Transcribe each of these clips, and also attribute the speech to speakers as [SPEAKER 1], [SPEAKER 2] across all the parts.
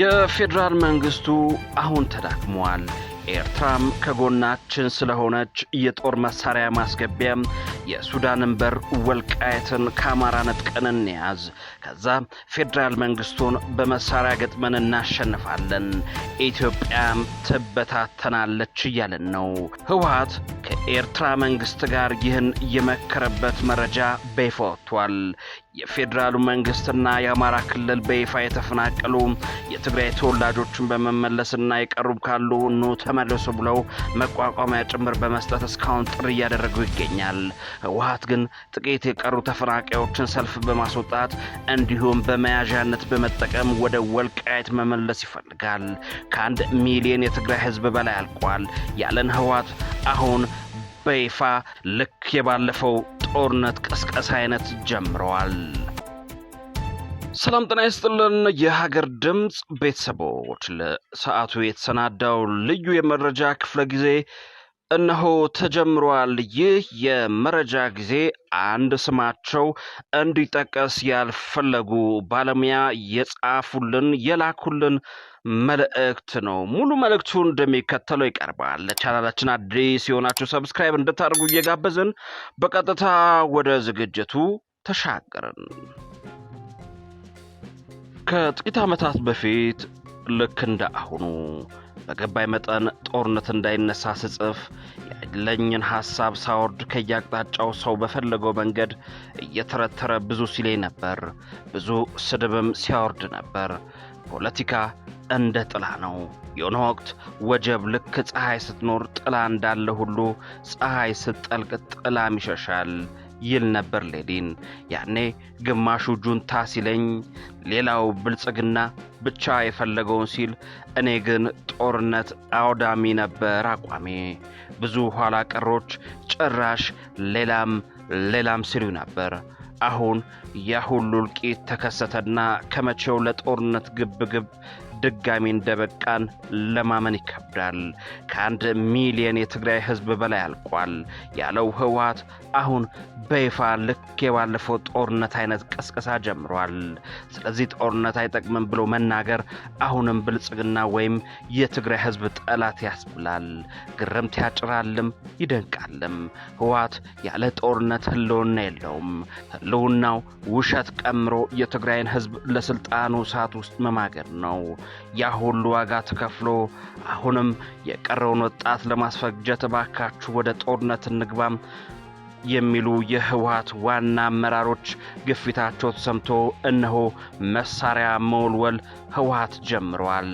[SPEAKER 1] የፌዴራል መንግስቱ አሁን ተዳክሟል። ኤርትራም ከጎናችን ስለሆነች የጦር መሳሪያ ማስገቢያም የሱዳንን በር ወልቃየትን ከአማራ ነጥቀን እንያዝ፣ ከዛ ፌዴራል መንግስቱን በመሳሪያ ገጥመን እናሸንፋለን፣ ኢትዮጵያም ትበታተናለች እያለን ነው። ህወሀት ከኤርትራ መንግስት ጋር ይህን የመከረበት መረጃ በይፋ ወጥቷል። የፌዴራሉ መንግስትና የአማራ ክልል በይፋ የተፈናቀሉ የትግራይ ተወላጆችን በመመለስና የቀሩብ ካሉ ኑ ተመለሱ ብለው መቋቋሚያ ጭምር በመስጠት እስካሁን ጥሪ እያደረጉ ይገኛል። ህወሀት ግን ጥቂት የቀሩ ተፈናቃዮችን ሰልፍ በማስወጣት እንዲሁም በመያዣነት በመጠቀም ወደ ወልቃየት መመለስ ይፈልጋል። ከአንድ ሚሊዮን የትግራይ ህዝብ በላይ አልቋል ያለን ህወሀት አሁን በይፋ ልክ የባለፈው የጦርነት ቀስቀሳ አይነት ጀምረዋል።
[SPEAKER 2] ሰላም ጤና ይስጥልን። የሀገር ድምፅ ቤተሰቦች ለሰዓቱ የተሰናዳው ልዩ የመረጃ ክፍለ ጊዜ እነሆ ተጀምሯል። ይህ የመረጃ ጊዜ አንድ ስማቸው እንዲጠቀስ ያልፈለጉ ባለሙያ የጻፉልን የላኩልን መልእክት ነው። ሙሉ መልእክቱ እንደሚከተለው ይቀርባል። ለቻናላችን አዲስ የሆናችሁ ሰብስክራይብ እንድታደርጉ እየጋበዝን በቀጥታ ወደ ዝግጅቱ ተሻገርን። ከጥቂት ዓመታት በፊት ልክ እንደ አሁኑ በገባይ መጠን ጦርነት እንዳይነሳ ስጽፍ ያለኝን ሐሳብ ሳወርድ ከየአቅጣጫው ሰው በፈለገው መንገድ እየተረተረ ብዙ ሲለኝ ነበር። ብዙ ስድብም ሲያወርድ ነበር። ፖለቲካ እንደ ጥላ ነው። የሆነ ወቅት ወጀብ ልክ ፀሐይ ስትኖር ጥላ እንዳለ ሁሉ ፀሐይ ስትጠልቅ ጥላም ይሸሻል። ይል ነበር ሌኒን። ያኔ ግማሹ ጁንታ ሲለኝ፣ ሌላው ብልጽግና ብቻ የፈለገውን ሲል፣ እኔ ግን ጦርነት አውዳሚ ነበር አቋሜ። ብዙ ኋላ ቀሮች ጭራሽ ሌላም ሌላም ሲሉ ነበር። አሁን ያ ሁሉ እልቂት ተከሰተና ከመቼው ለጦርነት ግብግብ ድጋሚ እንደበቃን ለማመን ይከብዳል። ከአንድ ሚሊየን የትግራይ ህዝብ በላይ አልቋል ያለው ህወሀት አሁን በይፋ ልክ የባለፈው ጦርነት አይነት ቀስቀሳ ጀምሯል። ስለዚህ ጦርነት አይጠቅምም ብሎ መናገር አሁንም ብልጽግና ወይም የትግራይ ህዝብ ጠላት ያስብላል። ግርምት ያጭራልም ይደንቃልም። ህዋት ያለ ጦርነት ህልውና የለውም። ህልውናው ውሸት ቀምሮ የትግራይን ህዝብ ለስልጣኑ እሳት ውስጥ መማገር ነው። ያ ሁሉ ዋጋ ተከፍሎ አሁንም የቀረውን ወጣት ለማስፈጀት እባካችሁ ወደ ጦርነት እንግባም የሚሉ የህወሀት ዋና አመራሮች ግፊታቸው ተሰምቶ እነሆ መሳሪያ መወልወል ህወሀት ጀምረዋል።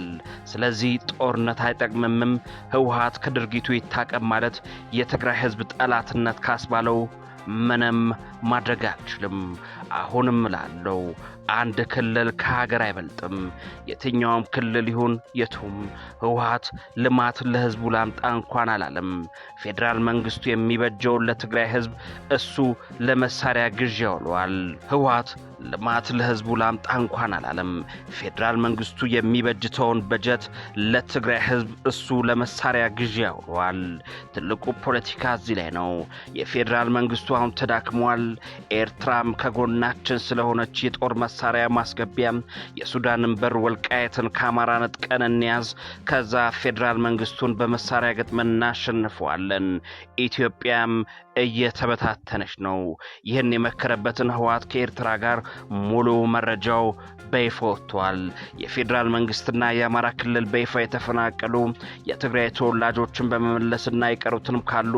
[SPEAKER 2] ስለዚህ ጦርነት አይጠቅምምም፣ ህወሀት ከድርጊቱ ይታቀም ማለት የትግራይ ህዝብ ጠላትነት ካስባለው ምንም ማድረግ አልችልም። አሁንም እላለሁ አንድ ክልል ከሀገር አይበልጥም። የትኛውም ክልል ይሁን የቱም ህወሀት ልማት ለህዝቡ ላምጣ እንኳን አላለም። ፌዴራል መንግስቱ የሚበጀውን ለትግራይ ህዝብ እሱ ለመሳሪያ ግዥ ያውለዋል። ህወሀት ልማት ለህዝቡ ላምጣ እንኳን አላለም። ፌዴራል መንግስቱ የሚበጅተውን በጀት ለትግራይ ህዝብ እሱ ለመሳሪያ ግዢ ያውለዋል። ትልቁ ፖለቲካ እዚህ ላይ ነው። የፌዴራል መንግስቱ አሁን ተዳክሟል። ኤርትራም ከጎናችን ስለሆነች የጦር መሳ መሳሪያ ማስገቢያ የሱዳንን በር ወልቃየትን ከአማራ ነጥቀን እንያዝ፣ ከዛ ፌዴራል መንግስቱን በመሳሪያ ገጥመን እናሸንፈዋለን። ኢትዮጵያም እየተበታተነች ነው። ይህን የመከረበትን ህወሓት ከኤርትራ ጋር ሙሉ መረጃው በይፋ ወጥቷል። የፌዴራል መንግስትና የአማራ ክልል በይፋ የተፈናቀሉ የትግራይ ተወላጆችን በመመለስና የቀሩትንም ካሉ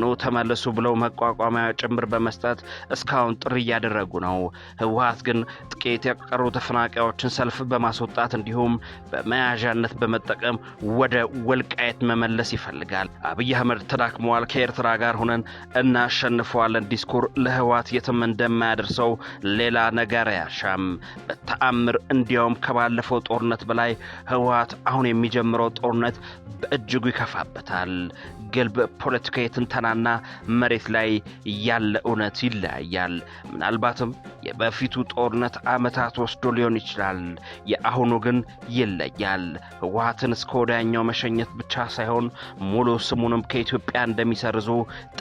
[SPEAKER 2] ኑ ተመለሱ ብለው መቋቋሚያ ጭምር በመስጠት እስካሁን ጥሪ እያደረጉ ነው። ህወሓት ግን ጥቂት የቀሩ ተፈናቃዮችን ሰልፍ በማስወጣት እንዲሁም በመያዣነት በመጠቀም ወደ ወልቃየት መመለስ ይፈልጋል። አብይ አህመድ ተዳክመዋል፣ ከኤርትራ ጋር ሆነን እናሸንፈዋለን ዲስኩር ለህወሓት የትም እንደማያደርሰው ሌላ ነገር አያሻም። በተአምር እንዲያውም ከባለፈው ጦርነት በላይ ህወሓት አሁን የሚጀምረው ጦርነት በእጅጉ ይከፋበታል። ግልብ ፖለቲካ የትንተናና መሬት ላይ ያለ እውነት ይለያያል። ምናልባትም የበፊቱ ጦርነት ዓመታት ወስዶ ሊሆን ይችላል። የአሁኑ ግን ይለያል። ህወሓትን እስከ ወዲያኛው መሸኘት ብቻ ሳይሆን ሙሉ ስሙንም ከኢትዮጵያ እንደሚሰርዙ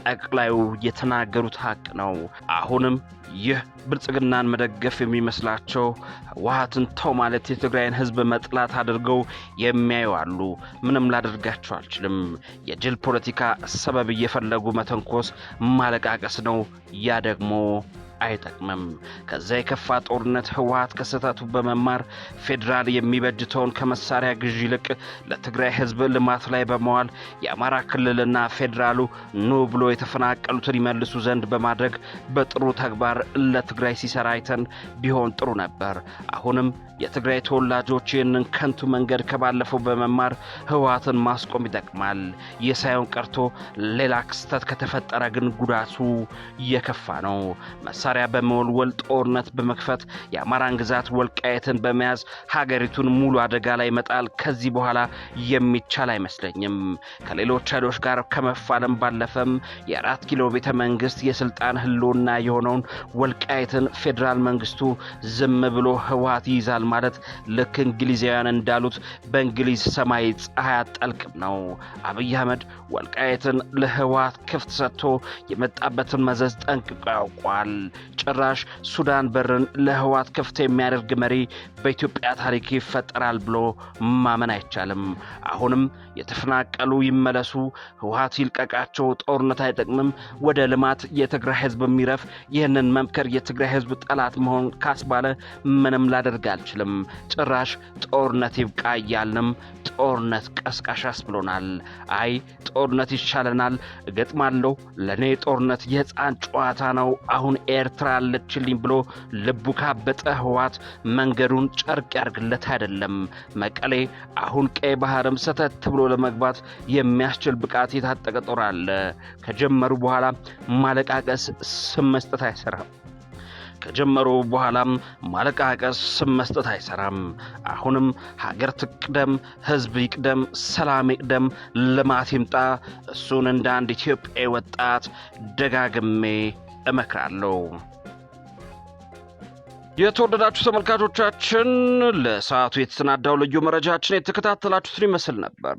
[SPEAKER 2] ጠቅላዩ የተናገሩት ሀቅ ነው። አሁንም ይህ ብልጽግናን መደገፍ የሚመስላቸው ህወሓትን ተው ማለት የትግራይን ህዝብ መጥላት አድርገው የሚያዩ አሉ። ምንም ላደርጋቸው አልችልም። የድል ፖለቲካ ሰበብ እየፈለጉ መተንኮስ ማለቃቀስ ነው። ያ ደግሞ አይጠቅምም። ከዚያ የከፋ ጦርነት ህወሀት ከስህተቱ በመማር ፌዴራል የሚበጅተውን ከመሳሪያ ግዢ ይልቅ ለትግራይ ህዝብ ልማት ላይ በመዋል የአማራ ክልልና ፌዴራሉ ኑ ብሎ የተፈናቀሉትን ይመልሱ ዘንድ በማድረግ በጥሩ ተግባር ለትግራይ ሲሰራ አይተን ቢሆን ጥሩ ነበር። አሁንም የትግራይ ተወላጆች ይህንን ከንቱ መንገድ ከባለፈው በመማር ህወሀትን ማስቆም ይጠቅማል። ይህ ሳይሆን ቀርቶ ሌላ ክስተት ከተፈጠረ ግን ጉዳቱ የከፋ ነው። መሳሪያ በመወልወል ጦርነት በመክፈት የአማራን ግዛት ወልቃየትን በመያዝ ሀገሪቱን ሙሉ አደጋ ላይ መጣል ከዚህ በኋላ የሚቻል አይመስለኝም። ከሌሎች ኃይሎች ጋር ከመፋለም ባለፈም የአራት ኪሎ ቤተ መንግስት የስልጣን ህልውና የሆነውን ወልቃየትን ፌዴራል መንግስቱ ዝም ብሎ ህወሀት ይይዛል ማለት ልክ እንግሊዛውያን እንዳሉት በእንግሊዝ ሰማይ ፀሐይ አጠልቅም ነው። አብይ አህመድ ወልቃየትን ለህወሀት ክፍት ሰጥቶ የመጣበትን መዘዝ ጠንቅቆ ያውቋል። ጭራሽ ሱዳን በርን ለህዋት ክፍት የሚያደርግ መሪ በኢትዮጵያ ታሪክ ይፈጠራል ብሎ ማመን አይቻልም። አሁንም የተፈናቀሉ ይመለሱ፣ ህወሀት ይልቀቃቸው፣ ጦርነት አይጠቅምም፣ ወደ ልማት የትግራይ ህዝብ የሚረፍ ይህንን መምከር የትግራይ ህዝብ ጠላት መሆን ካስባለ ምንም ላደርግ አልችልም። ጭራሽ ጦርነት ይብቃ እያልንም ጦርነት ቀስቃሽ አስብሎናል። አይ ጦርነት ይሻለናል፣ እገጥማለሁ፣ ለእኔ ጦርነት የህፃን ጨዋታ ነው አሁን ኤርትራ አለችልኝ ብሎ ልቡ ካበጠ ህወሓት መንገዱን ጨርቅ ያርግለት አይደለም። መቀሌ አሁን ቀይ ባህርም ሰተት ብሎ ለመግባት የሚያስችል ብቃት የታጠቀ ጦር አለ። ከጀመሩ በኋላ ማለቃቀስ ስም መስጠት አይሰራም። ከጀመሩ በኋላም ማለቃቀስ ስም መስጠት አይሰራም። አሁንም ሀገር ትቅደም፣ ህዝብ ይቅደም፣ ሰላም ይቅደም፣ ልማት ይምጣ። እሱን እንደ አንድ ኢትዮጵያዊ ወጣት ደጋግሜ እመክራለሁ። የተወደዳችሁ ተመልካቾቻችን ለሰዓቱ የተሰናዳው ልዩ መረጃችን የተከታተላችሁትን ይመስል ነበር።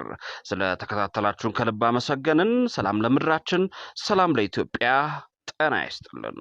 [SPEAKER 2] ስለተከታተላችሁን ከልብ አመሰገንን። ሰላም ለምድራችን፣ ሰላም ለኢትዮጵያ። ጤና ይስጥልን።